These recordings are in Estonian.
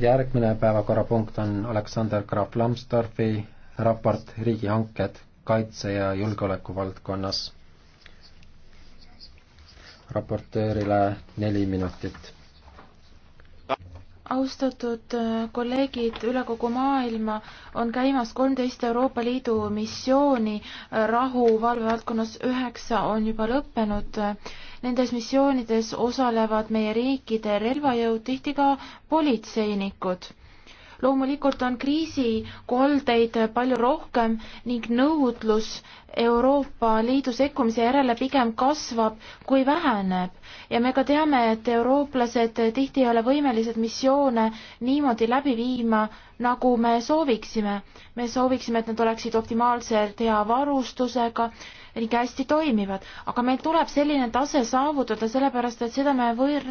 järgmine päevakorrapunkt on Aleksander Graf Lambsdorfi raport riigihanked kaitse- ja julgeoleku valdkonnas. raportöörile neli minutit. austatud äh, kolleegid üle kogu maailma, on käimas kolmteist Euroopa Liidu missiooni äh, rahuvalve valdkonnas, üheksa on juba lõppenud äh, Nendes missioonides osalevad meie riikide relvajõud, tihti ka politseinikud loomulikult on kriisikoldeid palju rohkem ning nõudlus Euroopa Liidu sekkumise järele pigem kasvab kui väheneb ja me ka teame, et eurooplased tihti ei ole võimelised missioone niimoodi läbi viima, nagu me sooviksime. me sooviksime, et nad oleksid optimaalselt hea varustusega ning hästi toimivad, aga meil tuleb selline tase saavutada, sellepärast et seda me võr-,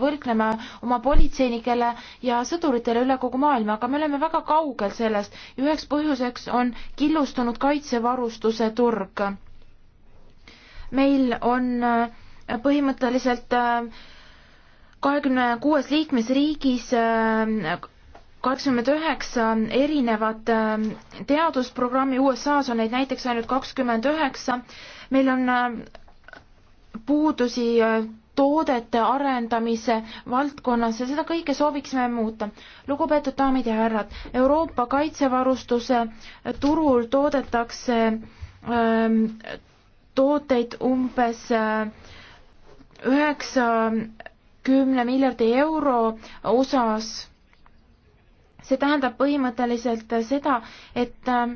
võrkleme oma politseinikele ja sõduritele üle kogu maailma, aga me oleme väga kaugel sellest ja üheks põhjuseks on killustunud kaitsevarustuse turg. meil on äh, põhimõtteliselt äh, kahekümne kuues liikmesriigis äh, kaheksakümmend üheksa erinevat teadusprogrammi, USA-s on neid näiteks ainult kakskümmend üheksa, meil on puudusi toodete arendamise valdkonnas ja seda kõike sooviksime muuta. lugupeetud daamid ja härrad, Euroopa kaitsevarustuse turul toodetakse Ehm, tooteid umbes äh, üheksakümne miljardi euro osas. see tähendab põhimõtteliselt seda, et äh,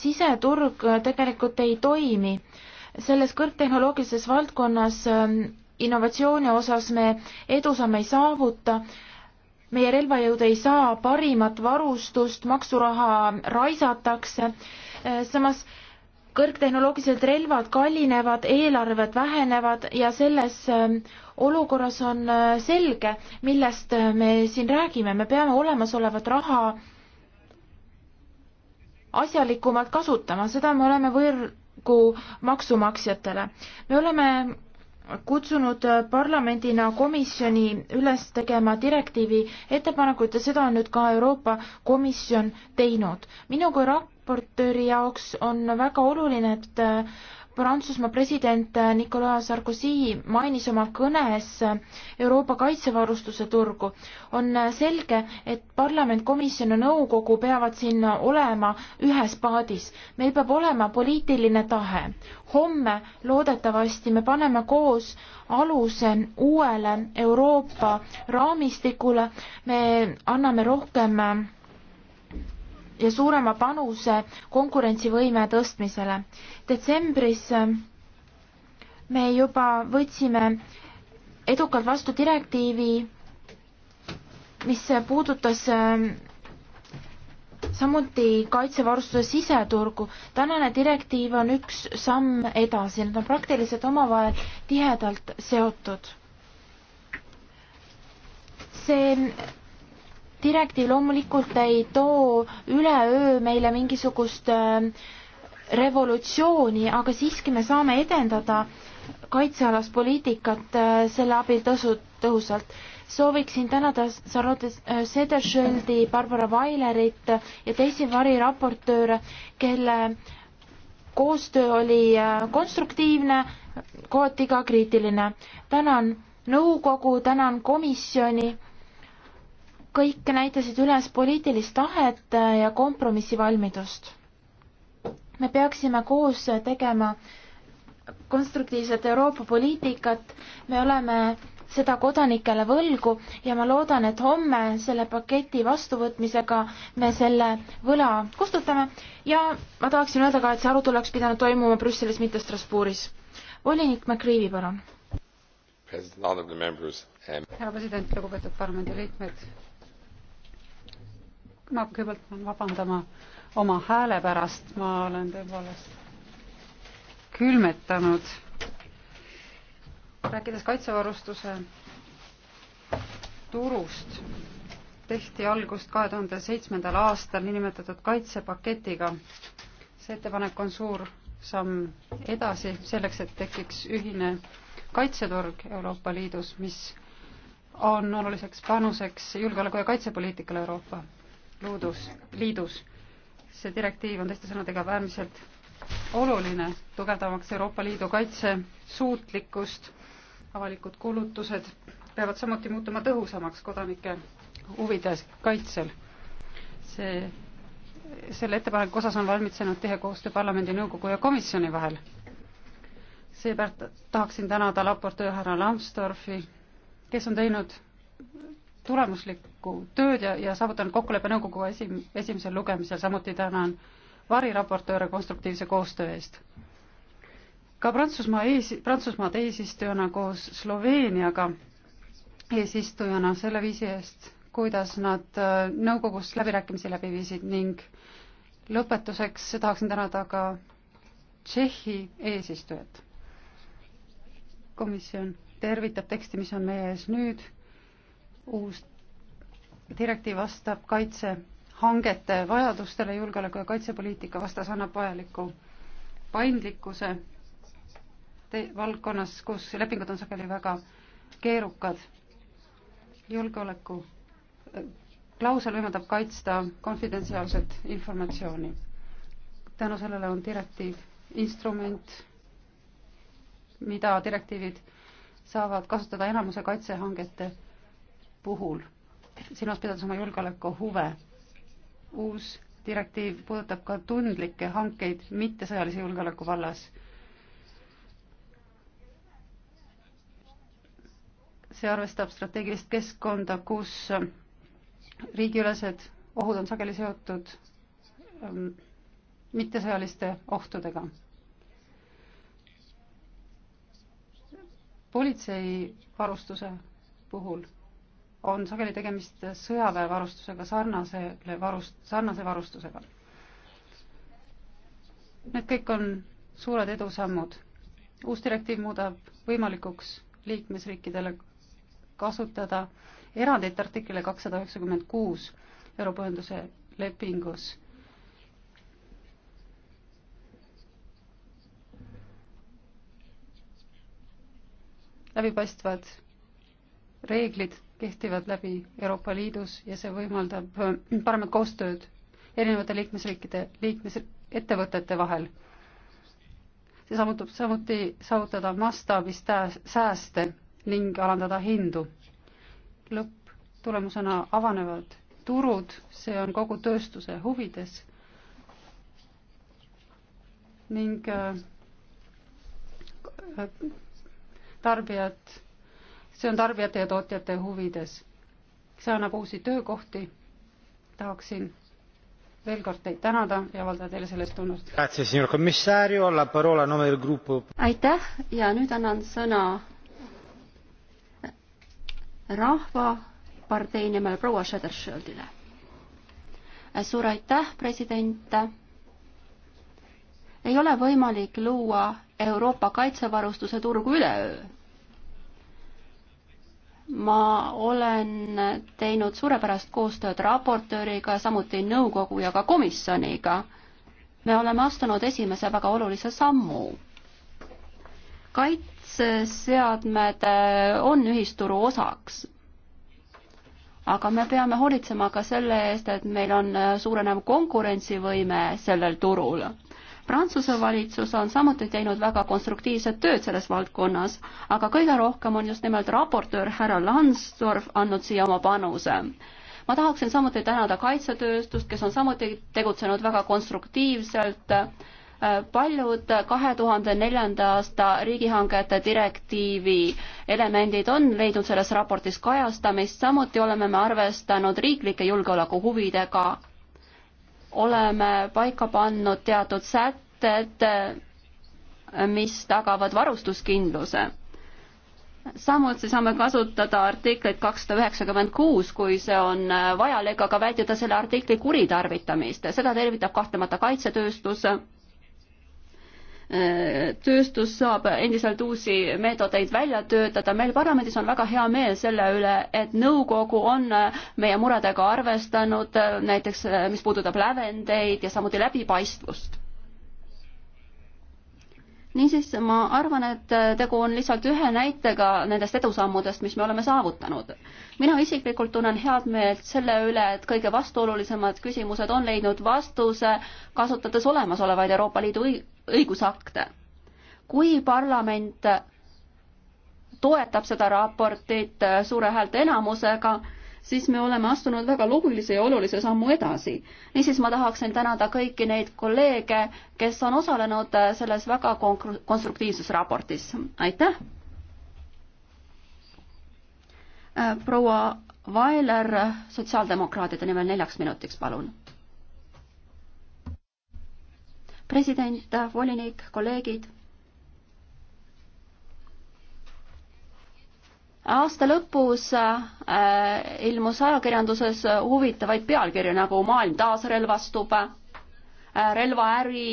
siseturg äh, tegelikult ei toimi. selles kõrgtehnoloogilises valdkonnas ähm, innovatsiooni osas me edusamme ei saavuta, meie relvajõud ei saa parimat varustust, maksuraha raisatakse, samas kõrgtehnoloogilised relvad kallinevad, eelarved vähenevad ja selles ähm, olukorras on äh, selge, millest äh, me siin räägime, me peame olemasolevat raha asjalikumalt kasutama, seda me oleme võrgu maksumaksjatele. me oleme kutsunud äh, parlamendina komisjoni üles tegema direktiivi ettepanekuid ja seda on nüüd ka Euroopa Komisjon teinud. minu kui rak-, raportööri jaoks on väga oluline, et äh, Prantsusmaa president äh, Nicolas Sarkozy mainis oma kõnes äh, Euroopa kaitsevarustuse turgu. on selge, et parlament, komisjon ja nõukogu peavad siin olema ühes paadis. meil peab olema poliitiline tahe. homme loodetavasti me paneme koos aluse uuele Euroopa raamistikule, me anname rohkem ja suurema panuse konkurentsivõime tõstmisele. detsembris äh, me juba võtsime edukalt vastu direktiivi, mis puudutas äh, samuti kaitsevarustuse siseturgu. tänane direktiiv on üks samm edasi, need on praktiliselt omavahel tihedalt seotud. see direktiiv loomulikult ei too üleöö meile mingisugust äh, revolutsiooni, aga siiski me saame edendada kaitsealast poliitikat äh, selle abil tõsu-, tõhusalt. sooviksin tänada Charlotte äh, Sederschildi, Barbara Vailerit ja teisi variraportööre, kelle koostöö oli konstruktiivne, kohati ka kriitiline. tänan nõukogu, tänan komisjoni kõik näitasid üles poliitilist tahet ja kompromissivalmidust. me peaksime koos tegema konstruktiivset Euroopa poliitikat, me oleme seda kodanikele võlgu ja ma loodan, et homme selle paketi vastuvõtmisega me selle võla kustutame ja ma tahaksin öelda ka, et see arutelu oleks pidanud toimuma Brüsselis, mitte Strasbourgis. volinik McRiivi, palun. Um, härra president, lugupeetud parlamendiliikmed ma kõigepealt pean vabandama oma hääle pärast, ma olen tõepoolest külmetanud. rääkides kaitsevarustuse turust, tehti algust kahe tuhande seitsmendal aastal niinimetatud kaitsepaketiga. see ettepanek on suur samm edasi selleks, et tekiks ühine kaitseturg Euroopa Liidus, mis on oluliseks panuseks julgeoleku- ja kaitsepoliitikale Euroopa loodus, liidus. see direktiiv on teiste sõnadega äärmiselt oluline, tugevdamaks Euroopa Liidu kaitsesuutlikkust. avalikud kulutused peavad samuti muutuma tõhusamaks kodanike huvides kaitsel. see, selle ettepaneku osas on valmitsenud tihe koostöö parlamendi, nõukogu ja komisjoni vahel. seepärast tahaksin tänada raportöör härra Lambsdorfi, kes on teinud tulemuslikku tööd ja, ja saavutanud kokkuleppe nõukogu esim-, esimesel lugemisel, samuti tänan variraportööre konstruktiivse koostöö eest. ka Prantsusmaa ees, Prantsusmaad eesistujana koos Sloveeniaga eesistujana selle viisi eest, kuidas nad äh, nõukogus läbirääkimisi läbi viisid ning lõpetuseks tahaksin tänada ka Tšehhi eesistujat. komisjon tervitab teksti, mis on meie ees nüüd uus direktiiv vastab kaitsehangete vajadustele, julgeoleku ja kaitsepoliitika vastas annab vajaliku paindlikkuse valdkonnas, kus lepingud on sageli väga keerukad. julgeoleku äh, klausel võimaldab kaitsta konfidentsiaalset informatsiooni. tänu sellele on direktiiv instrument, mida direktiivid saavad kasutada enamuse kaitsehangete puhul, silmas pidades oma julgeoleku huve. uus direktiiv puudutab ka tundlikke hankeid mittesõjalise julgeoleku vallas. see arvestab strateegilist keskkonda, kus riigiülesed ohud on sageli seotud ähm, mittesõjaliste ohtudega. politsei varustuse puhul on sageli tegemist sõjaväevarustusega sarnasele varust-, sarnase varustusega. Need kõik on suured edusammud. uus direktiiv muudab võimalikuks liikmesriikidele kasutada erandit artiklile kakssada üheksakümmend kuus Euroopa Ühenduse lepingus. läbipaistvad reeglid kehtivad läbi Euroopa Liidus ja see võimaldab äh, paremat koostööd erinevate liikmesriikide liikmes, ettevõtete vahel. see samutab samuti saavutada mastaabis sääste ning alandada hindu. lõpptulemusena avanevad turud, see on kogu tööstuse huvides ning äh, tarbijad see on tarbijate ja tootjate huvides. see annab uusi töökohti. tahaksin veel kord teid tänada ja avaldada teile sellest tunnust. aitäh ja nüüd annan sõna rahvapartei nimel proua Schedershieldile. suur aitäh, president. ei ole võimalik luua Euroopa kaitsevarustuse turgu üleöö ma olen teinud suurepärast koostööd raportööriga, samuti nõukogu ja ka komisjoniga. me oleme astunud esimese väga olulise sammu. kaitseseadmed eh, on ühisturu osaks. aga me peame hoolitsema ka selle eest, et meil on eh, suurenev konkurentsivõime sellel turul. Prantsuse valitsus on samuti teinud väga konstruktiivset tööd selles valdkonnas, aga kõige rohkem on just nimelt raportöör härra Lansdorf andnud siia oma panuse. ma tahaksin samuti tänada kaitsetööstust, kes on samuti tegutsenud väga konstruktiivselt, paljud kahe tuhande neljanda aasta riigihangete direktiivi elemendid on leidnud selles raportis kajastamist, samuti oleme me arvestanud riiklike julgeolekuhuvidega oleme paika pannud teatud sätted, mis tagavad varustuskindluse. samuti saame kasutada artiklit kakssada üheksakümmend kuus, kui see on vajalik, aga vältida selle artikli kuritarvitamist, seda tervitab kahtlemata kaitsetööstus tööstus saab endiselt uusi meetodeid välja töötada. meil parlamendis on väga hea meel selle üle, et nõukogu on meie muredega arvestanud, näiteks mis puudutab lävendeid ja samuti läbipaistvust niisiis, ma arvan, et äh, tegu on lihtsalt ühe näitega nendest edusammudest, mis me oleme saavutanud. mina isiklikult tunnen head meelt selle üle, et kõige vastuolulisemad küsimused on leidnud vastuse, kasutades olemasolevaid Euroopa Liidu õigusakte. kui parlament toetab seda raportit äh, suure häälteenamusega, siis me oleme astunud väga loogilise ja olulise sammu edasi. niisiis ma tahaksin tänada kõiki neid kolleege, kes on osalenud selles väga konstruktiivses raportis. aitäh! Äh, proua Vaeler sotsiaaldemokraatide nimel neljaks minutiks, palun. president, volinik, kolleegid aasta lõpus äh, ilmus ajakirjanduses huvitavaid pealkirju nagu Maailm taasrelvastub äh,, relvaäri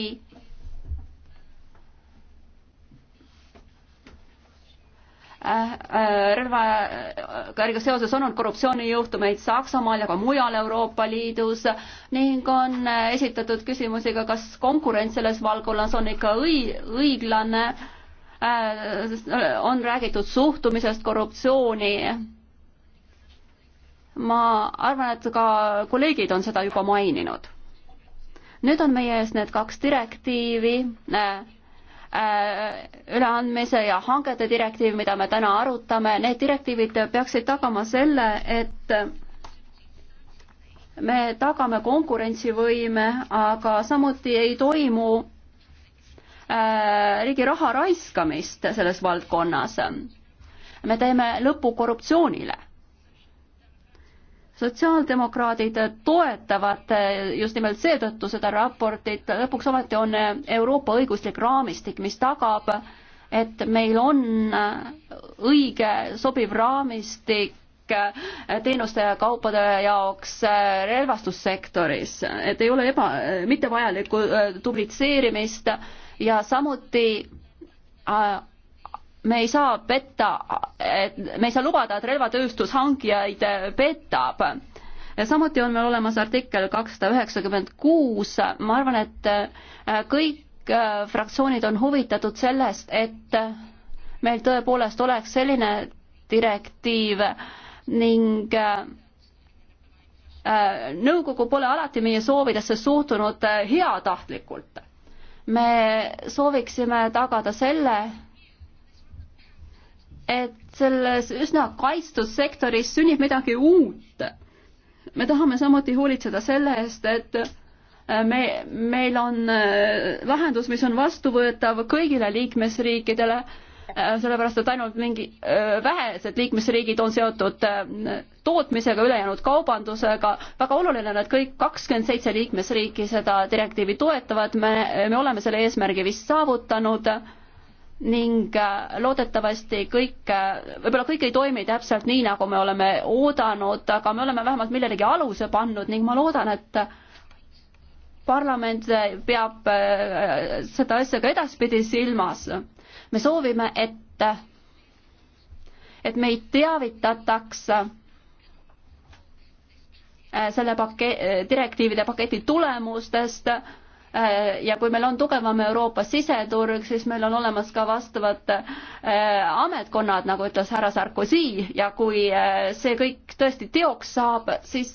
äh, äh relvakärgiga seoses on olnud korruptsioonijuhtumeid Saksamaal ja ka mujal Euroopa Liidus ning on äh, esitatud küsimusi ka, kas konkurents selles valdkonnas on ikka õi-, õiglane äh, Äh, on räägitud suhtumisest korruptsiooni. ma arvan, et ka kolleegid on seda juba maininud. nüüd on meie ees need kaks direktiivi äh, äh, üleandmise ja hangete direktiiv, mida me täna arutame, need direktiivid peaksid tagama selle, et me tagame konkurentsivõime, aga samuti ei toimu Äh, riigi raha raiskamist selles valdkonnas. me teeme lõpu korruptsioonile. sotsiaaldemokraadid toetavad just nimelt seetõttu seda raportit, lõpuks ometi on Euroopa õiguslik raamistik, mis tagab et meil on õige sobiv raamistik teenuste ja kaupade jaoks relvastussektoris, et ei ole eba, mittevajaliku äh, dublitseerimist äh, ja samuti äh, me ei saa petta, me ei saa lubada, et relvatööstus hankijaid äh, petab. samuti on meil olemas artikkel kakssada üheksakümmend kuus, ma arvan, et äh, kõik fraktsioonid on huvitatud sellest, et meil tõepoolest oleks selline direktiiv ning nõukogu pole alati meie soovidesse suhtunud heatahtlikult me sooviksime tagada selle, et selles üsna kaitstud sektoris sünnib midagi uut. me tahame samuti hoolitseda selle eest, et me, meil on lahendus, äh, mis on vastuvõetav kõigile liikmesriikidele Äh, sellepärast et ainult mingi äh, vähesed liikmesriigid on seotud äh, tootmisega, ülejäänud kaubandusega. väga oluline on, et kõik kakskümmend seitse liikmesriiki seda direktiivi toetavad, me, me oleme selle eesmärgi vist saavutanud ning loodetavasti kõik, võib-olla kõik ei toimi täpselt nii, nagu me oleme oodanud, aga me oleme vähemalt millelegi aluse pannud ning ma loodan, et parlament peab seda asja ka edaspidi silmas me soovime, et, et meid teavitataks äh, selle pake-, äh, direktiivide paketi tulemustest äh, ja kui meil on tugevam Euroopa siseturg, siis meil on olemas ka vastavad ametkonnad, nagu ütles härra Sarkozy ja kui see kõik tõesti teoks saab, siis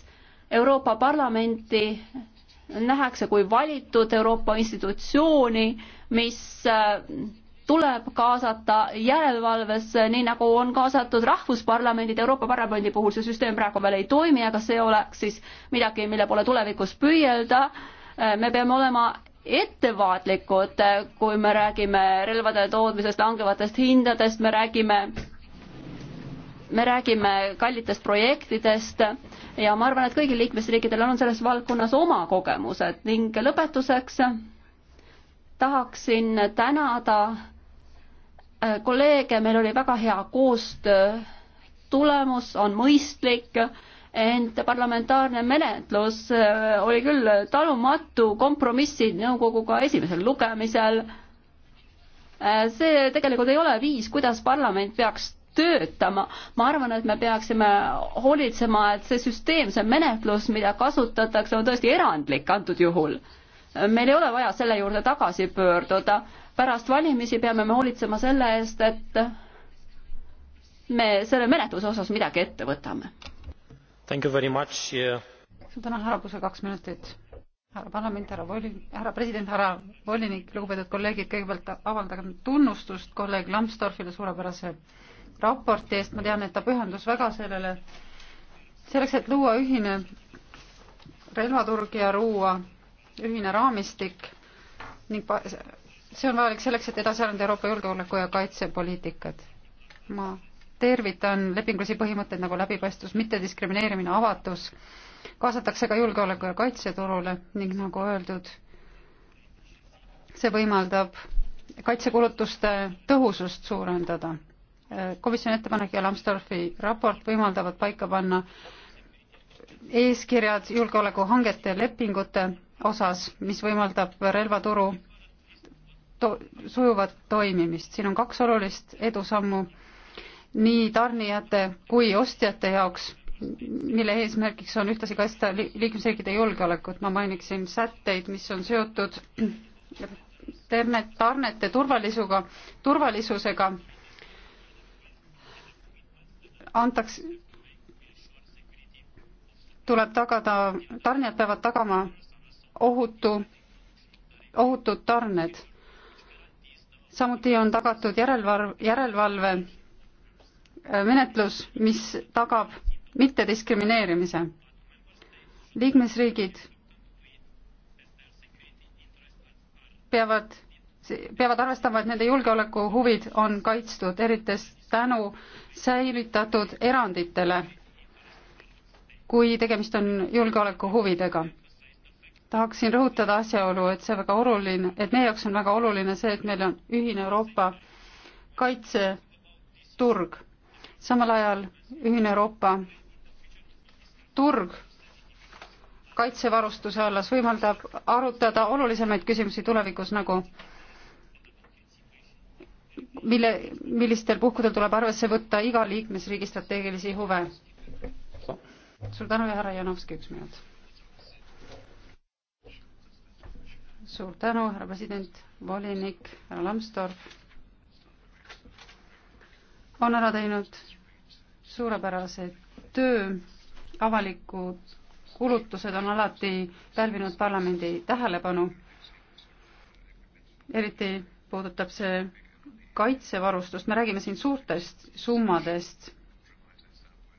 Euroopa Parlamenti nähakse kui valitud Euroopa institutsiooni, mis tuleb kaasata järelevalvesse, nii nagu on kaasatud rahvusparlamendid, Euroopa Parlamendi puhul see süsteem praegu veel ei toimi, aga see oleks siis midagi, mille poole tulevikus püüelda. me peame olema ettevaatlikud, kui me räägime relvade tootmisest, langevatest hindadest, me räägime, me räägime kallitest projektidest ja ma arvan, et kõigil liikmesriikidel on selles valdkonnas oma kogemused ning lõpetuseks tahaksin tänada Äh, kolleege, meil oli väga hea koostöö, tulemus on mõistlik, ent parlamentaarne menetlus äh, oli küll talumatu, kompromissid nõukoguga esimesel lugemisel. Äh, see tegelikult ei ole viis, kuidas parlament peaks töötama, ma arvan, et me peaksime hoolitsema, et see süsteem, see menetlus, mida kasutatakse, on tõesti erandlik antud juhul. meil ei ole vaja selle juurde tagasi pöörduda pärast valimisi peame me hoolitsema selle eest, et me selle menetluse osas midagi ette võtame. suur tänu, härra Pusa, kaks minutit. härra parlament, härra voli-, härra president, härra volinik, lugupeetud kolleegid, kõigepealt avaldagem tunnustust kolleeg Lambsdorffile suurepärase raporti eest, ma tean, et ta pühendus väga sellele, selleks, et luua ühine relvaturg ja luua ühine raamistik ning see on vajalik selleks, et edasi arendada Euroopa julgeoleku ja kaitsepoliitikat. ma tervitan lepingulisi põhimõtteid nagu läbipaistvus, mittediskrimineerimine, avatus, kaasatakse ka julgeoleku ja kaitseturule ning nagu öeldud, see võimaldab kaitsekulutuste tõhusust suurendada. komisjoni ettepanek ja Lambsdorfi raport võimaldavad paika panna eeskirjad julgeolekuhangete lepingute osas, mis võimaldab relvaturu to sujuvat toimimist. siin on kaks olulist edusammu nii tarnijate kui ostjate jaoks, mille eesmärgiks on ühtlasi kaitsta liikmesriikide julgeolekut. ma mainiksin sätteid, mis on seotud ternet, tarnete turvalisuga, turvalisusega. antaks, tuleb tagada, tarnijad peavad tagama ohutu, ohutud tarned samuti on tagatud järelevalve, järelevalve äh, menetlus, mis tagab mittediskrimineerimise. liikmesriigid peavad, peavad arvestama, et nende julgeolekuhuvid on kaitstud, eriti tänu säilitatud eranditele, kui tegemist on julgeolekuhuvidega tahaksin rõhutada asjaolu, et see väga oluline, et meie jaoks on väga oluline see, et meil on ühine Euroopa kaitseturg. samal ajal ühine Euroopa turg kaitsevarustuse alles võimaldab arutada olulisemaid küsimusi tulevikus nagu mille, millistel puhkudel tuleb arvesse võtta iga liikmesriigi strateegilisi huve. suur tänu ja härra Janovski, üks minut suur tänu, härra president, volinik, härra Lambsdorff on ära teinud suurepärase töö, avalikud kulutused on alati pälvinud parlamendi tähelepanu, eriti puudutab see kaitsevarustust, me räägime siin suurtest summadest,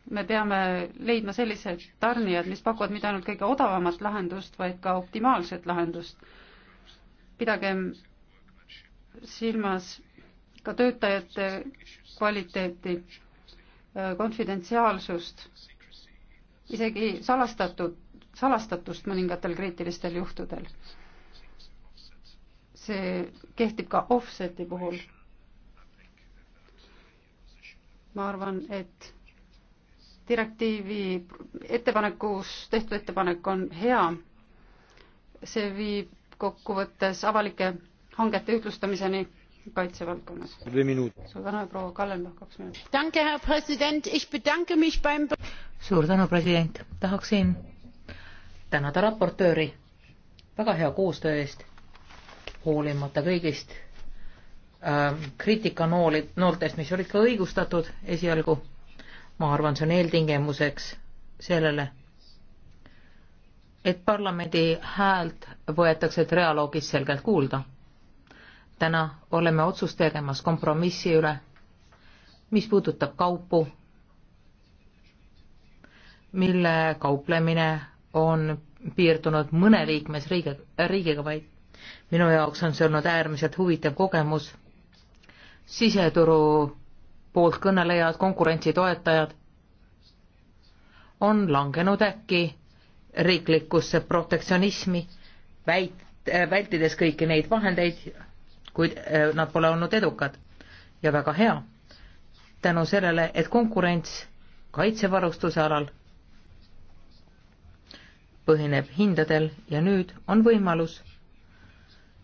me peame leidma sellised tarnijad, mis pakuvad mitte ainult kõige odavamat lahendust, vaid ka optimaalset lahendust pidagem silmas ka töötajate kvaliteeti, konfidentsiaalsust, isegi salastatud, salastatust mõningatel kriitilistel juhtudel. see kehtib ka offset'i puhul. ma arvan, et direktiivi ettepanekus tehtud ettepanek on hea, see viib kokkuvõttes avalike hangete ühtlustamiseni kaitsevaldkonnas. suur tänu ja proua Kallenbach, kaks minutit. suur tänu, president, tahaksin tänada raportööri väga hea koostöö eest, hoolimata kõigist äh, kriitikanoolid, nooltest, mis olid ka õigustatud esialgu. ma arvan, see on eeltingimuseks sellele et parlamendi häält võetakse trialoogis selgelt kuulda. täna oleme otsust tegemas kompromissi üle, mis puudutab kaupu, mille kauplemine on piirdunud mõne liikmesriigi, riigiga vaid. minu jaoks on see olnud äärmiselt huvitav kogemus. siseturu poolt kõnelejad, konkurentsi toetajad on langenud äkki riiklikusse protektsionismi, väit-, äh, vältides kõiki neid vahendeid, kuid äh, nad pole olnud edukad. ja väga hea, tänu sellele, et konkurents kaitsevarustuse alal põhineb hindadel ja nüüd on võimalus,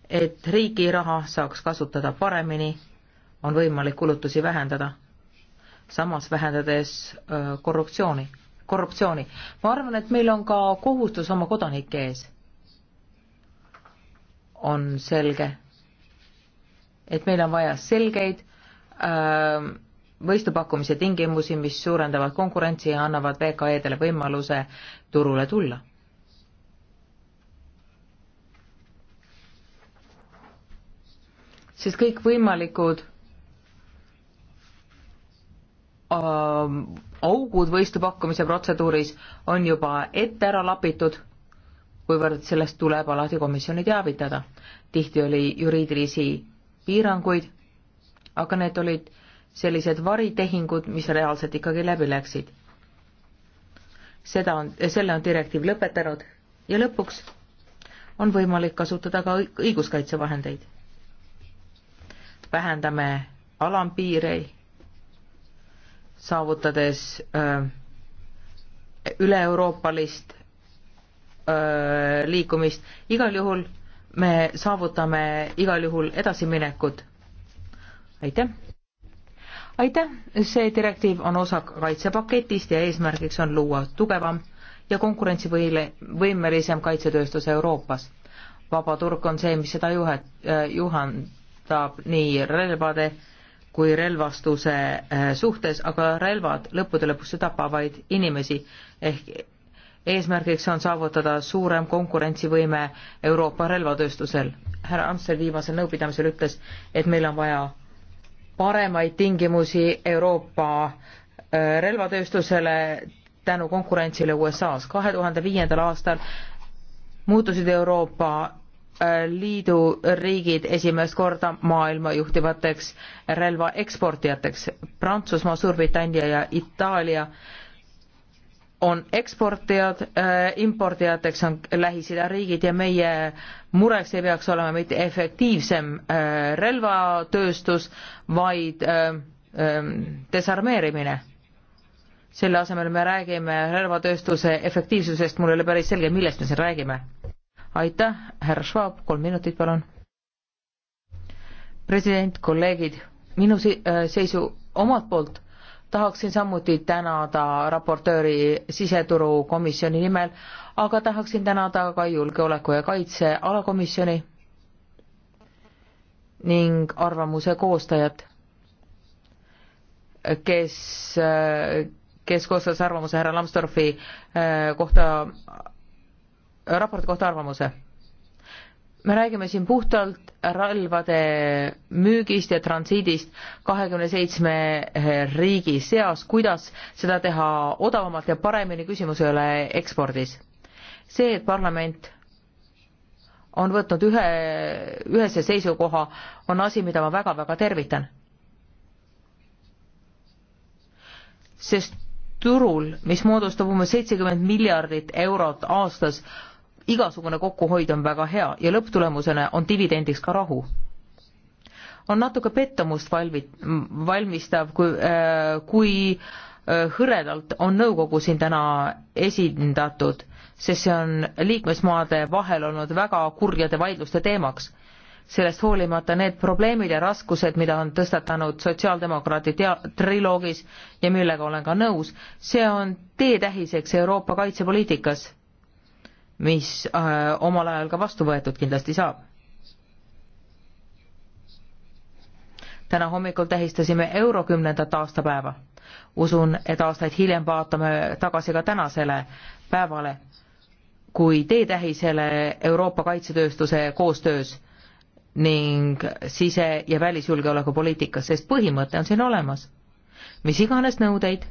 et riigi raha saaks kasutada paremini, on võimalik kulutusi vähendada, samas vähendades äh, korruptsiooni korruptsiooni. ma arvan, et meil on ka kohustus oma kodanike ees. on selge, et meil on vaja selgeid äh, võistupakkumise tingimusi, mis suurendavad konkurentsi ja annavad VKE-dele võimaluse turule tulla. sest kõikvõimalikud äh, augud võistupakkumise protseduuris on juba ette ära lapitud, kuivõrd sellest tuleb alati komisjoni teavitada. tihti oli juriidilisi piiranguid, aga need olid sellised varitehingud, mis reaalselt ikkagi läbi läksid. seda on, selle on direktiiv lõpetanud ja lõpuks on võimalik kasutada ka õiguskaitsevahendeid. vähendame alampiireid saavutades äh, üle-euroopalist äh, liikumist, igal juhul me saavutame igal juhul edasiminekut. aitäh! aitäh, see direktiiv on osa kaitsepaketist ja eesmärgiks on luua tugevam ja konkurentsivõimelisem kaitsetööstus Euroopas. vaba turg on see, mis seda juhet, äh, juhendab nii relvade kui relvastuse eh, suhtes, aga relvad lõppude lõpuks ju tapavad inimesi ehk eesmärgiks on saavutada suurem konkurentsivõime Euroopa relvatööstusel. härra Amstel viimasel nõupidamisel ütles, et meil on vaja paremaid tingimusi Euroopa eh, relvatööstusele tänu konkurentsile USA-s. kahe tuhande viiendal aastal muutusid Euroopa Liidu riigid esimest korda maailma juhtivateks relva eksportijateks. Prantsusmaa, Suurbritannia ja Itaalia on eksportijad, äh, impordijateks on Lähis-Ida riigid ja meie mureks ei peaks olema mitte efektiivsem äh, relvatööstus, vaid äh, ähm, desarmeerimine. selle asemel me räägime relvatööstuse efektiivsusest, mul ei ole päris selge, millest me siin räägime aitäh, härra Schwab, kolm minutit, palun. president, kolleegid, minu äh, seisu omalt poolt tahaksin samuti tänada raportööri siseturukomisjoni nimel, aga tahaksin tänada ka julgeoleku ja kaitse alakomisjoni ning arvamuse koostajat, kes, äh, kes koostas arvamuse härra Lambsdorfi äh, kohta raporti kohta arvamuse. me räägime siin puhtalt relvade müügist ja transiidist kahekümne seitsme riigi seas, kuidas seda teha odavamalt ja paremini, küsimus ei ole ekspordis. see, et parlament on võtnud ühe, ühese seisukoha, on asi, mida ma väga-väga tervitan. sest turul, mis moodustab umbes seitsekümmend miljardit eurot aastas, igasugune kokkuhoid on väga hea ja lõpptulemusena on dividendiks ka rahu. on natuke pettumust valmi-, valmistav, kui äh,, kui äh, hõredalt on nõukogu siin täna esindatud, sest see on liikmesmaade vahel olnud väga kurjade vaidluste teemaks. sellest hoolimata need probleemid ja raskused, mida on tõstatanud sotsiaaldemokraadid triloogis ja millega olen ka nõus, see on teetähiseks Euroopa kaitsepoliitikas mis äh, omal ajal ka vastu võetud kindlasti saab. täna hommikul tähistasime Euro kümnendat aastapäeva. usun, et aastaid hiljem vaatame tagasi ka tänasele päevale kui teetähisele Euroopa kaitsetööstuse koostöös ning sise- ja välisjulgeolekupoliitikas, sest põhimõte on siin olemas. mis iganes nõudeid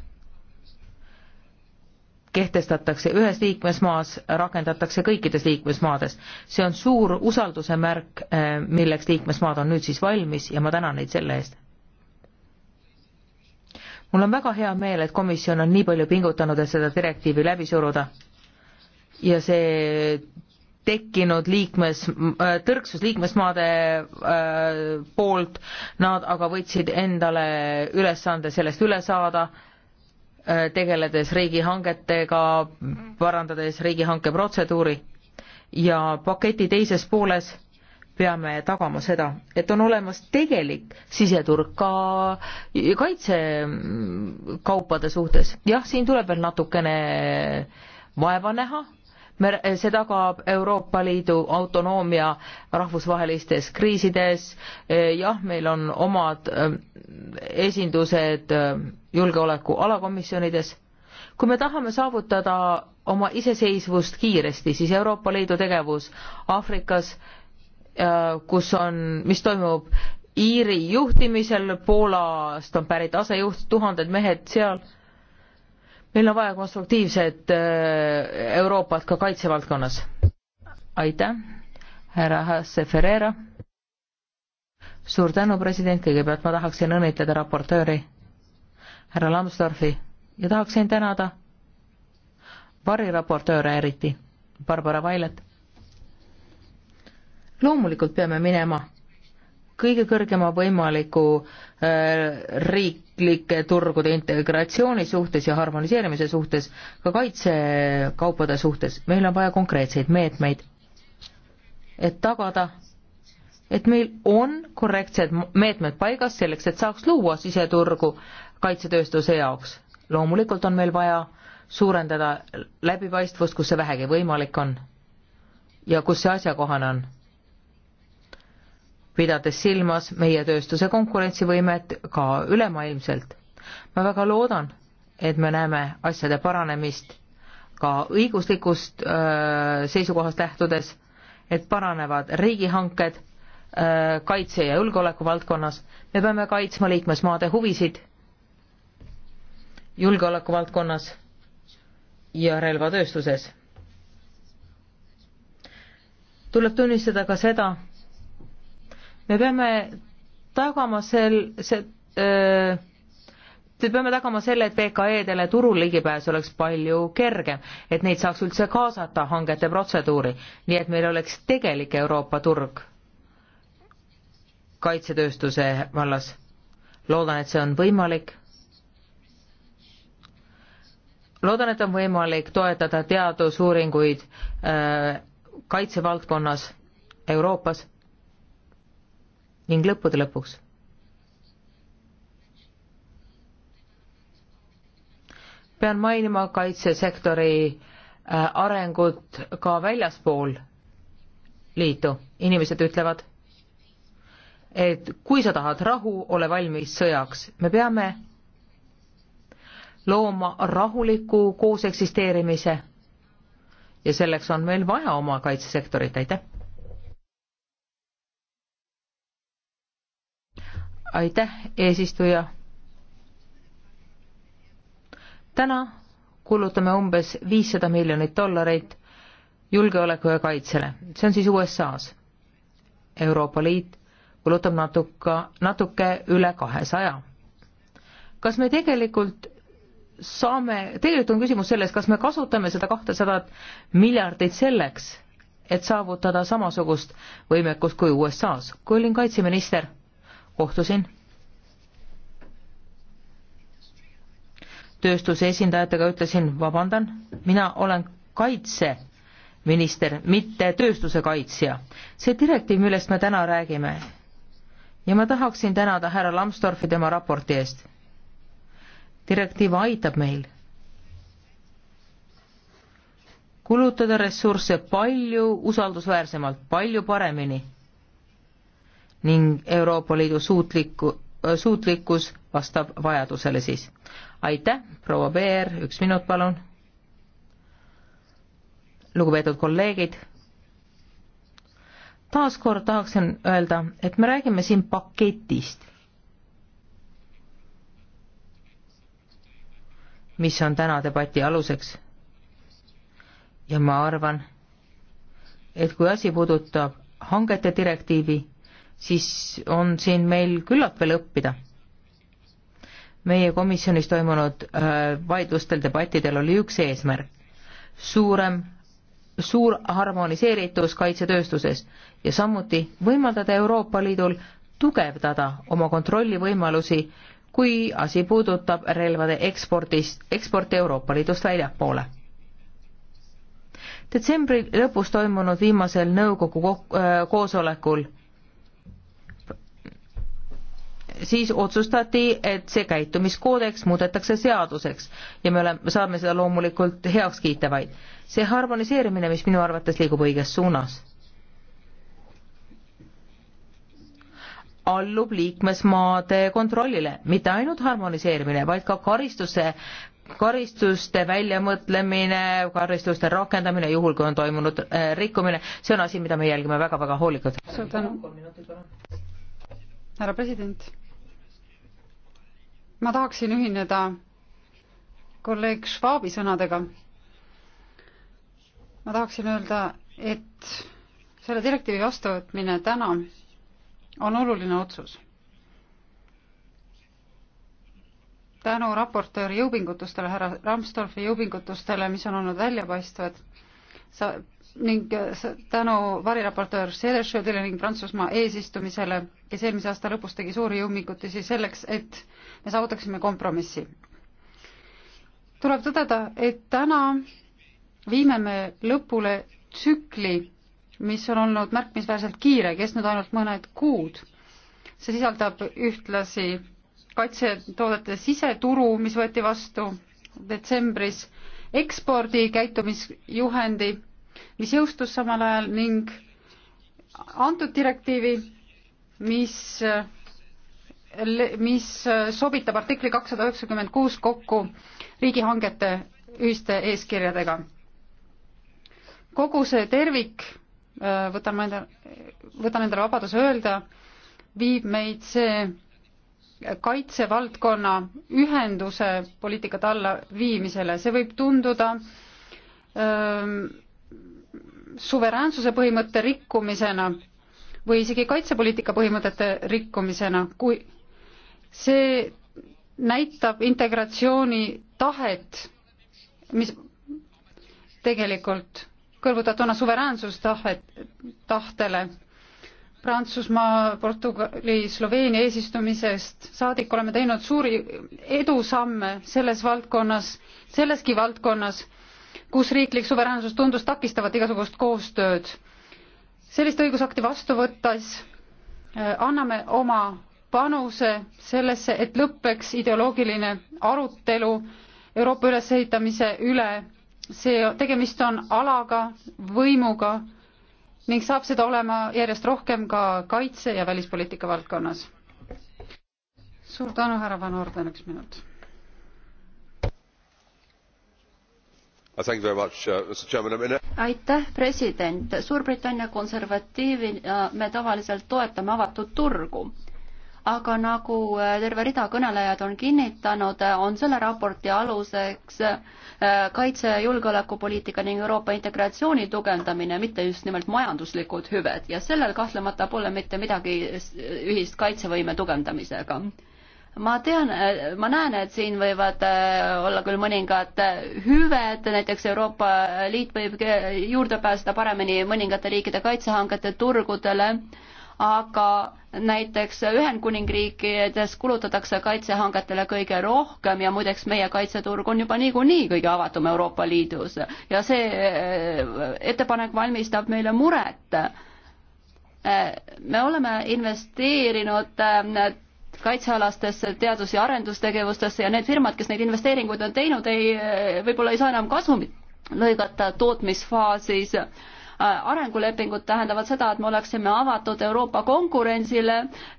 kehtestatakse ühes liikmesmaas, rakendatakse kõikides liikmesmaades. see on suur usalduse märk, eh, milleks liikmesmaad on nüüd siis valmis ja ma tänan neid selle eest. mul on väga hea meel, et komisjon on nii palju pingutanud, et seda direktiivi läbi suruda. ja see tekkinud liikmes, äh, tõrksus liikmesmaade äh, poolt, nad aga võtsid endale ülesande sellest üle saada Äh, tegeledes riigihangetega, parandades riigihanke protseduuri ja paketi teises pooles peame tagama seda, et on olemas tegelik siseturg ka kaitsekaupade suhtes. jah, siin tuleb veel natukene vaeva näha me, see tagab Euroopa Liidu autonoomia rahvusvahelistes kriisides, jah, meil on omad ähm, esindused ähm, julgeoleku alakomisjonides, kui me tahame saavutada oma iseseisvust kiiresti, siis Euroopa Liidu tegevus Aafrikas, äh, kus on, mis toimub Iiri juhtimisel, Poolast on pärit asejuht, tuhanded mehed seal meil on vaja konstruktiivset äh, Euroopat ka kaitsevaldkonnas. aitäh, härra Hasse Ferreira. suur tänu, president, kõigepealt ma tahaksin õnnitleda raportööri, härra Lambsdorfi ja tahaksin tänada variraportööre eriti, Barbara Vailet. loomulikult peame minema kõige kõrgema võimaliku äh, riik, riiklike turgude integratsiooni suhtes ja harmoniseerimise suhtes, ka kaitsekaupade suhtes, meil on vaja konkreetseid meetmeid, et tagada, et meil on korrektsed meetmed paigas selleks, et saaks luua siseturgu kaitsetööstuse jaoks. loomulikult on meil vaja suurendada läbipaistvust, kus see vähegi võimalik on ja kus see asjakohane on pidades silmas meie tööstuse konkurentsivõimet ka ülemaailmselt. ma väga loodan, et me näeme asjade paranemist ka õiguslikust öö, seisukohast lähtudes, et paranevad riigihanked öö, kaitse ja julgeoleku valdkonnas, me peame kaitsma liikmesmaade huvisid julgeoleku valdkonnas ja relvatööstuses. tuleb tunnistada ka seda, me peame tagama sel-, see öö, me peame tagama selle, et VKE-dele turul ligipääs oleks palju kergem, et neid saaks üldse kaasata hangete protseduuri, nii et meil oleks tegelik Euroopa turg kaitsetööstuse vallas. loodan, et see on võimalik. loodan, et on võimalik toetada teadusuuringuid äh, kaitsevaldkonnas Euroopas ning lõppude lõpuks pean mainima kaitsesektori äh, arengut ka väljaspool liitu. inimesed ütlevad, et kui sa tahad rahu, ole valmis sõjaks. me peame looma rahuliku kooseksisteerimise ja selleks on meil vaja oma kaitsesektorit, aitäh! aitäh, eesistuja. täna kulutame umbes viissada miljonit dollareid julgeoleku ja kaitsele, see on siis USA-s. Euroopa Liit kulutab natuke, natuke üle kahesaja. kas me tegelikult saame, tegelikult on küsimus selles, kas me kasutame seda kahtesadat miljardit selleks, et saavutada samasugust võimekust kui USA-s. kui olin kaitseminister kohtusin tööstuse esindajatega, ütlesin, vabandan, mina olen kaitseminister, mitte tööstuse kaitsja. see direktiiv, millest me täna räägime ja ma tahaksin tänada härra Lambsdorfi tema raporti eest. direktiiv aitab meil kulutada ressursse palju usaldusväärsemalt, palju paremini ning Euroopa Liidu suutlikku, äh, suutlikkus vastab vajadusele siis. aitäh, proua Peer, üks minut palun. lugupeetud kolleegid, taaskord tahaksin öelda, et me räägime siin paketist, mis on täna debati aluseks. ja ma arvan, et kui asi puudutab hangete direktiivi, siis on siin meil küllalt veel õppida. meie komisjonis toimunud äh, vaidlustel, debattidel oli üks eesmärk, suurem, suur harmoniseeritus kaitsetööstuses ja samuti võimaldada Euroopa Liidul tugevdada oma kontrollivõimalusi, kui asi puudutab relvade ekspordist, eksporti Euroopa Liidust väljapoole detsembri lõpus toimunud viimasel nõukogu äh, koosolekul siis otsustati, et see käitumiskoodeks muudetakse seaduseks ja me oleme, saame seda loomulikult heaks kiita vaid. see harmoniseerimine, mis minu arvates liigub õiges suunas, allub liikmesmaade kontrollile, mitte ainult harmoniseerimine, vaid ka karistuse karistuste väljamõtlemine, karistuste rakendamine, juhul kui on toimunud äh, rikkumine, see on asi, mida me jälgime väga-väga hoolikalt. suur tänu. härra president ma tahaksin ühineda kolleeg Schwabi sõnadega. ma tahaksin öelda, et selle direktiivi vastuvõtmine täna on oluline otsus. tänu raportööri jõupingutustele, härra Ramstorfi jõupingutustele, mis on olnud väljapaistvad, sa ning tänu variraportöör Serešjodile ning Prantsusmaa eesistumisele kes eelmise aasta lõpus tegi suuri jõumikutusi selleks, et me saavutaksime kompromissi. tuleb tõdeda, et täna viime me lõpule tsükli, mis on olnud märkimisväärselt kiire, kestnud ainult mõned kuud. see sisaldab ühtlasi kaitsetoodete siseturu, mis võeti vastu detsembris, ekspordi käitumisjuhendi, mis jõustus samal ajal ning antud direktiivi mis mis sobitab artikli kakssada üheksakümmend kuus kokku riigihangete ühiste eeskirjadega. kogu see tervik, võtan ma endale, võtan endale vabaduse öelda, viib meid see kaitsevaldkonna ühenduse poliitikate alla viimisele, see võib tunduda öö, ähm, suveräänsuse põhimõtte rikkumisena või isegi kaitsepoliitika põhimõtete rikkumisena, kui see näitab integratsiooni tahet, mis tegelikult kõrvutatuna suveräänsustahet, tahtele. Prantsusmaa, Portugali, Sloveenia eesistumisest saadik oleme teinud suuri edusamme selles valdkonnas, selleski valdkonnas, kus riiklik suveräänsus tundus takistavat igasugust koostööd sellist õigusakti vastu võttes äh, anname oma panuse sellesse, et lõpeks ideoloogiline arutelu Euroopa ülesehitamise üle. see, tegemist on alaga, võimuga ning saab seda olema järjest rohkem ka kaitse- ja välispoliitika valdkonnas. suur tänu, härra Van Orden, üks minut Uh, uh, uh, aitäh, president. Suurbritannia konservatiivina me tavaliselt toetame avatud turgu. aga nagu terve rida kõnelejad on kinnitanud, on selle raporti aluseks kaitse- ja julgeolekupoliitika ning Euroopa integratsiooni tugevdamine, mitte just nimelt majanduslikud hüved ja sellel kahtlemata pole mitte midagi ühist kaitsevõime tugevdamisega ma tean, äh, ma näen, et siin võivad äh, olla küll mõningad äh, hüved, näiteks Euroopa Liit võib juurde pääseda paremini mõningate riikide kaitsehangete turgudele, aga näiteks Ühendkuningriikides kulutatakse kaitsehangetele kõige rohkem ja muideks meie kaitseturg on juba niikuinii kõige avatum Euroopa Liidus ja see ettepanek valmistab meile muret. me oleme investeerinud kaitsealastesse teadus- ja arendustegevustesse ja need firmad, kes neid investeeringuid on teinud, ei, võib-olla ei saa enam kasumit lõigata tootmisfaasis arengulepingud tähendavad seda, et me oleksime avatud Euroopa konkurentsile,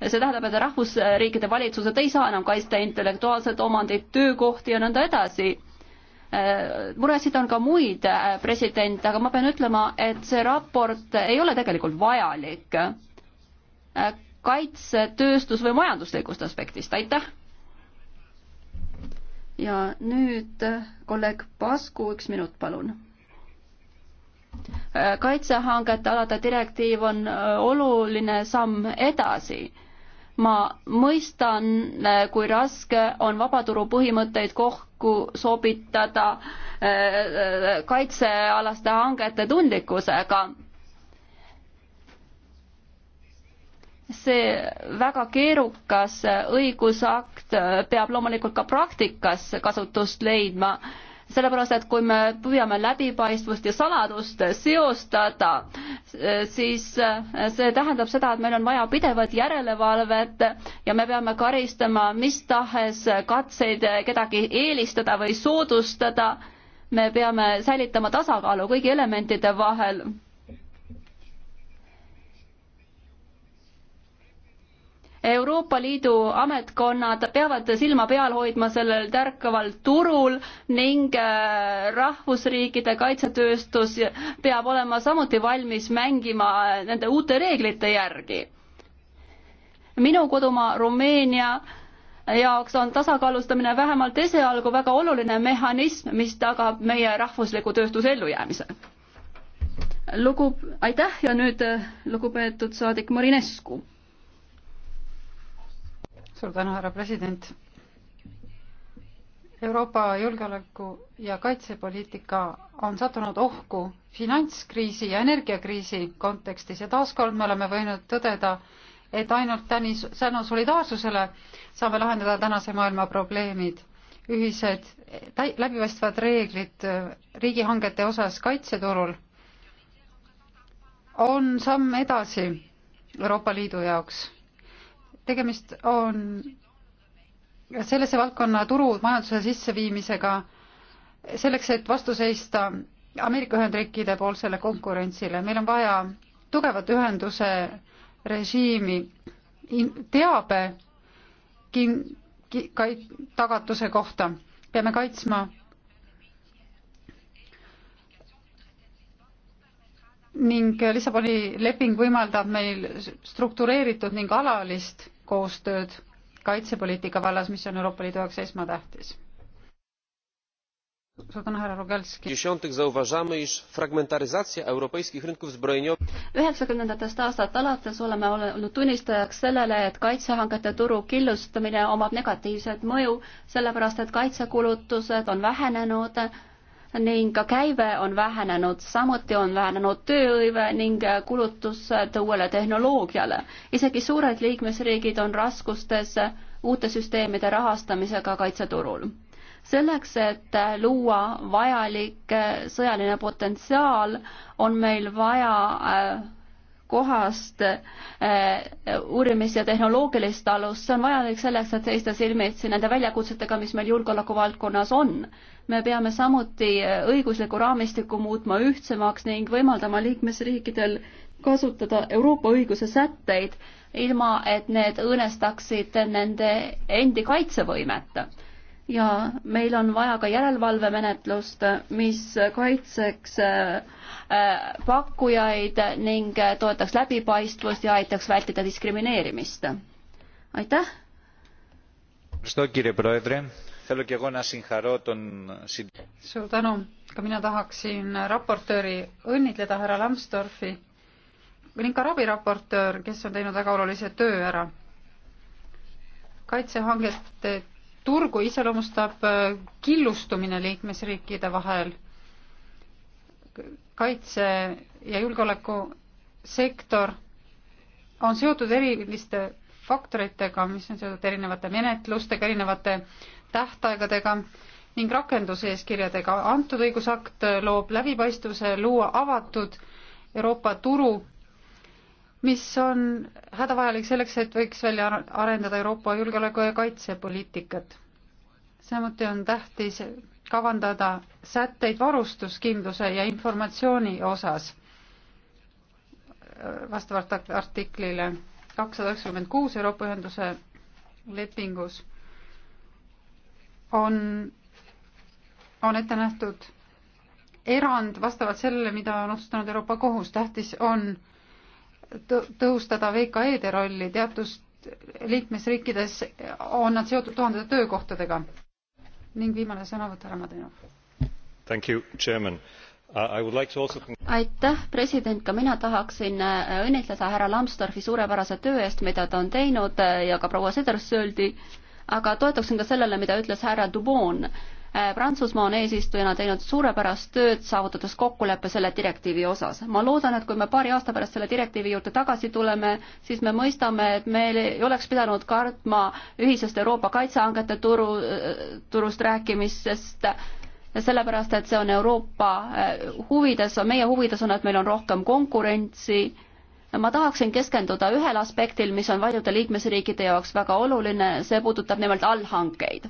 see tähendab, et rahvusriikide valitsused ei saa enam kaitsta intellektuaalset omandit, töökohti ja nõnda edasi. muresid on ka muid, president, aga ma pean ütlema, et see raport ei ole tegelikult vajalik kaitse, tööstus või majanduslikust aspektist, aitäh! ja nüüd äh, kolleeg Pasku, üks minut, palun äh, kaitsehangete alade direktiiv on äh, oluline samm edasi. ma mõistan, kui raske on vabaturu põhimõtteid kokku sobitada kaitsealaste hangete tundlikkusega see väga keerukas õigusakt peab loomulikult ka praktikas kasutust leidma, sellepärast et kui me püüame läbipaistvust ja saladust seostada, siis see tähendab seda, et meil on vaja pidevat järelevalvet ja me peame karistama mis tahes katseid kedagi eelistada või soodustada. me peame säilitama tasakaalu kõigi elementide vahel Euroopa Liidu ametkonnad peavad silma peal hoidma sellel tärkaval turul ning äh, rahvusriikide kaitsetööstus peab olema samuti valmis mängima nende uute reeglite järgi. minu kodumaa Rumeenia jaoks on tasakaalustamine vähemalt esialgu väga oluline mehhanism, mis tagab meie rahvusliku tööstuse ellujäämise. lugu, aitäh ja nüüd äh, lugupeetud saadik Marinescu suur tänu, härra president. Euroopa julgeoleku ja kaitsepoliitika on sattunud ohku finantskriisi ja energiakriisi kontekstis ja taaskord me oleme võinud tõdeda, et ainult täni, tänu solidaarsusele saame lahendada tänase maailma probleemid ühised täi-, läbipaistvad reeglid riigihangete osas kaitseturul on samm edasi Euroopa Liidu jaoks tegemist on sellesse valdkonna turumajanduse sisseviimisega selleks, et vastu seista Ameerika Ühendriikide poolsele konkurentsile. meil on vaja tugevat ühenduse režiimi teabe kin-, ki-, kait-, tagatuse kohta. peame kaitsma ning Lissaboni leping võimaldab meil struktureeritud ning alalist koostööd kaitsepoliitika vallas, mis on Euroopa Liidu jaoks esmatähtis. üheksakümnendatest aastat alates oleme olnud tunnistajaks sellele, et kaitsehangete turu killustamine omab negatiivset mõju, sellepärast et kaitsekulutused on vähenenud ning ka käive on vähenenud, samuti on vähenenud tööhõive ning kulutused uuele tehnoloogiale. isegi suured liikmesriigid on raskustes uute süsteemide rahastamisega kaitseturul. selleks, et luua vajalik sõjaline potentsiaal, on meil vaja äh, kohast eh, uurimis- ja tehnoloogilist alust, see on vajalik selleks, et seista silmitsi nende väljakutsetega, mis meil julgeoleku valdkonnas on. me peame samuti eh, õigusliku raamistiku muutma ühtsemaks ning võimaldama liikmesriikidel kasutada Euroopa õiguse sätteid, ilma et need õõnestaksid nende endi kaitsevõimet ja meil on vaja ka järelevalvemenetlust, mis kaitseks äh, pakkujaid ning toetaks läbipaistvust ja aitaks vältida diskrimineerimist. aitäh! suur tänu, ka mina tahaksin raportööri õnnitleda, härra Lambsdorfi ning ka rabiraportöör, kes on teinud väga olulise töö ära. kaitsehangete turgu iseloomustab äh, killustumine liikmesriikide vahel kaitse- ja julgeolekusektor on seotud eriliste faktoritega, mis on seotud erinevate menetlustega, erinevate tähtaegadega ning rakenduseeskirjadega. antud õigusakt loob läbipaistvuse luua avatud Euroopa turu mis on hädavajalik selleks, et võiks välja arendada Euroopa julgeoleku- ja kaitsepoliitikat. samuti on tähtis kavandada sätteid varustuskindluse ja informatsiooni osas äh, vastavalt artiklile kakssada üheksakümmend kuus Euroopa Ühenduse lepingus on, on ette nähtud erand vastavalt sellele, mida on otsustanud Euroopa Kohus. tähtis on tõhustada VKE-de rolli, teatud liikmesriikides on nad seotud tuhandete töökohtadega. ning viimane sõnavõtt, härra Madinov. Like also... aitäh, president, ka mina tahaksin äh, õnnitleda härra Lambsdorfi suurepärase töö eest, mida ta on teinud äh, ja ka proua Sedersöldi, aga toetuksin ka sellele, mida ütles härra Dubon Äh, Prantsusmaa on eesistujana teinud suurepärast tööd, saavutades kokkuleppe selle direktiivi osas. ma loodan, et kui me paari aasta pärast selle direktiivi juurde tagasi tuleme, siis me mõistame, et me ei oleks pidanud kartma ühisest Euroopa kaitsehangete turu, turust rääkimisest, sellepärast et see on Euroopa äh, huvides, meie huvides on, et meil on rohkem konkurentsi ma tahaksin keskenduda ühele aspektil, mis on paljude liikmesriikide jaoks väga oluline, see puudutab nimelt allhankeid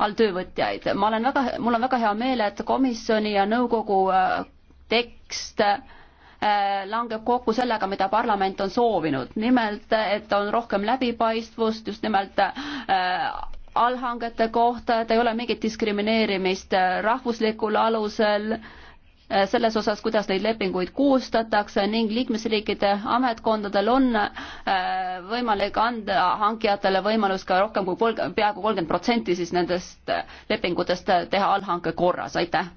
all töövõtjaid. ma olen väga, mul on väga hea meel, et komisjoni ja nõukogu äh, tekst äh, langeb kokku sellega, mida parlament on soovinud, nimelt, et on rohkem läbipaistvust, just nimelt äh, allhangete kohta, et ei ole mingit diskrimineerimist rahvuslikul alusel äh, Äh, selles osas, kuidas neid lepinguid koostatakse ning liikmesriikide ametkondadel on äh, võimalik anda hankijatele võimalus ka rohkem kui kolm, peaaegu kolmkümmend protsenti siis nendest äh, lepingutest teha allhanke korras, aitäh.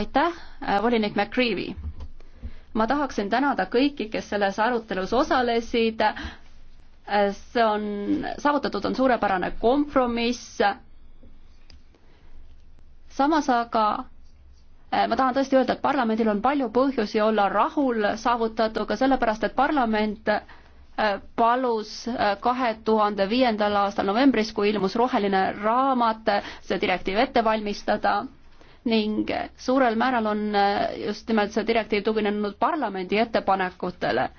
aitäh, volinik McCreevy ma tahaksin tänada kõiki, kes selles arutelus osalesid. see on, saavutatud on suurepärane kompromiss samas aga eh, ma tahan tõesti öelda, et parlamendil on palju põhjusi olla rahul saavutatuga, sellepärast et parlament eh, palus eh, kahe tuhande viiendal aastal novembris, kui ilmus roheline raamat, see direktiiv ette valmistada ning suurel määral on just nimelt see direktiiv tuginenud parlamendi ettepanekutele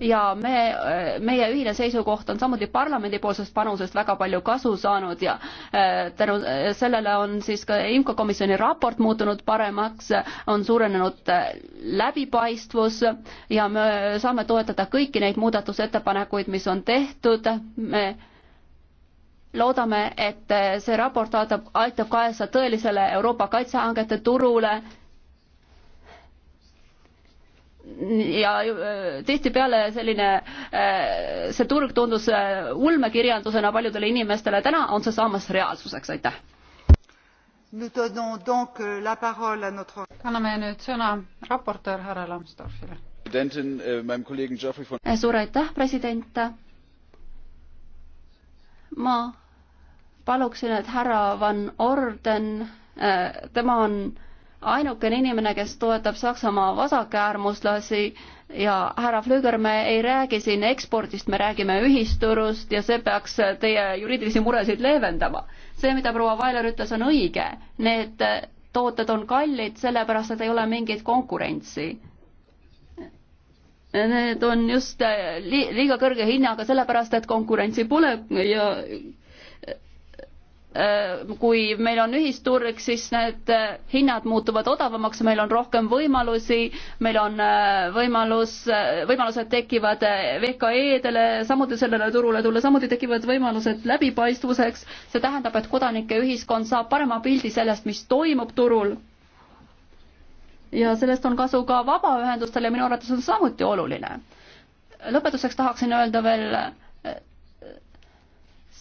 ja me, meie ühine seisukoht on samuti parlamendipoolsest panusest väga palju kasu saanud ja äh, tänu äh, sellele on siis ka IMCO komisjoni raport muutunud paremaks, on suurenenud äh, läbipaistvus ja me saame toetada kõiki neid muudatusettepanekuid, mis on tehtud, me loodame, et see raport aitab, aitab kaasa tõelisele Euroopa kaitsehangete turule ja äh, tihtipeale selline, äh, see turg tundus äh, ulmekirjandusena paljudele inimestele, täna on see saamas reaalsuseks, aitäh. Euh, anname nüüd sõna raportöör härra Lambsdorffile. suur aitäh, president. ma paluksin, et härra Van Orden, tema on ainukene inimene, kes toetab Saksamaa vasakäärmuslasi ja härra Flüger, me ei räägi siin ekspordist, me räägime ühisturust ja see peaks teie juriidilisi muresid leevendama. see, mida proua Vaheler ütles, on õige. Need tooted on kallid, sellepärast et ei ole mingit konkurentsi. Need on just li liiga kõrge hinnaga, sellepärast et konkurentsi pole ja Äh, kui meil on ühisturg, siis need äh, hinnad muutuvad odavamaks, meil on rohkem võimalusi, meil on äh, võimalus, võimalused tekivad VKE-dele, samuti sellele turule tulla, samuti tekivad võimalused läbipaistvuseks. see tähendab, et kodanike ühiskond saab parema pildi sellest, mis toimub turul. ja sellest on kasu ka vabaühendustele, minu arvates on samuti oluline. lõpetuseks tahaksin öelda veel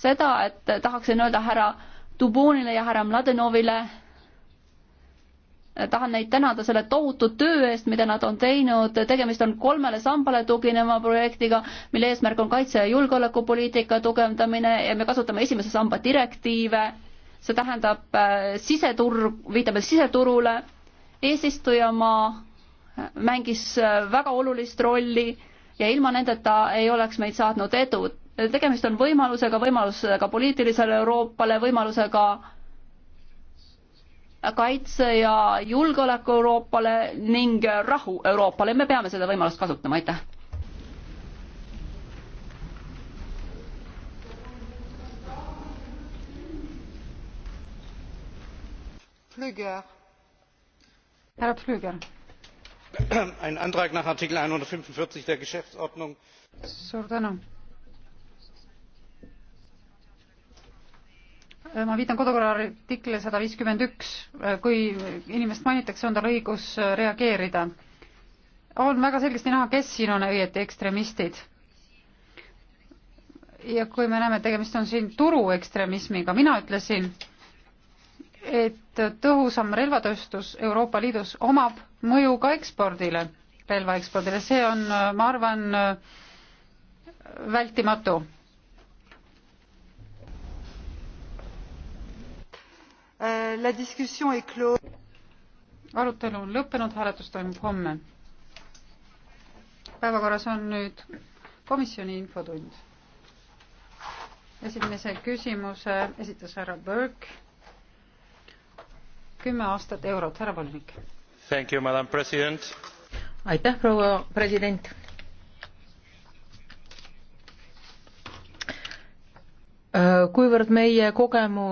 seda, et tahaksin öelda härra Dubonile ja härra Mladenovile, tahan neid tänada selle tohutu töö eest, mida nad on teinud, tegemist on kolmele sambale tugineva projektiga, mille eesmärk on kaitse- ja julgeolekupoliitika tugevdamine ja me kasutame esimese samba direktiive, see tähendab äh, siseturg, viitame siseturule, eesistujamaa äh, mängis äh, väga olulist rolli ja ilma nendeta ei oleks meid saatnud edud tegemist on võimalusega, võimalusega poliitilisele Euroopale, võimalusega kaitse ja julgeoleku Euroopale ning rahu Euroopale, me peame seda võimalust kasutama, aitäh. härra Pflüger. Ein Antrag nach Artikel 145 der Geschäftsordnung. Suur tänu Äh, ma viitan kodukorra artikli sada viiskümmend üks, äh, kui inimest mainitakse, on tal õigus äh, reageerida. on väga selgesti näha, kes siin on õieti ekstremistid. ja kui me näeme, et tegemist on siin turuekstremismiga, mina ütlesin, et tõhusam relvatööstus Euroopa Liidus omab mõju ka ekspordile, relvaekspordile, see on, ma arvan, vältimatu Euh, la discussion est clos. arutelu on lõppenud, hääletus toimub homme. päevakorras on nüüd komisjoni infotund. esimese küsimuse esitas härra Burke. kümme aastat eurot, härra volinik. aitäh, proua president äh, kuivõrd meie kogemus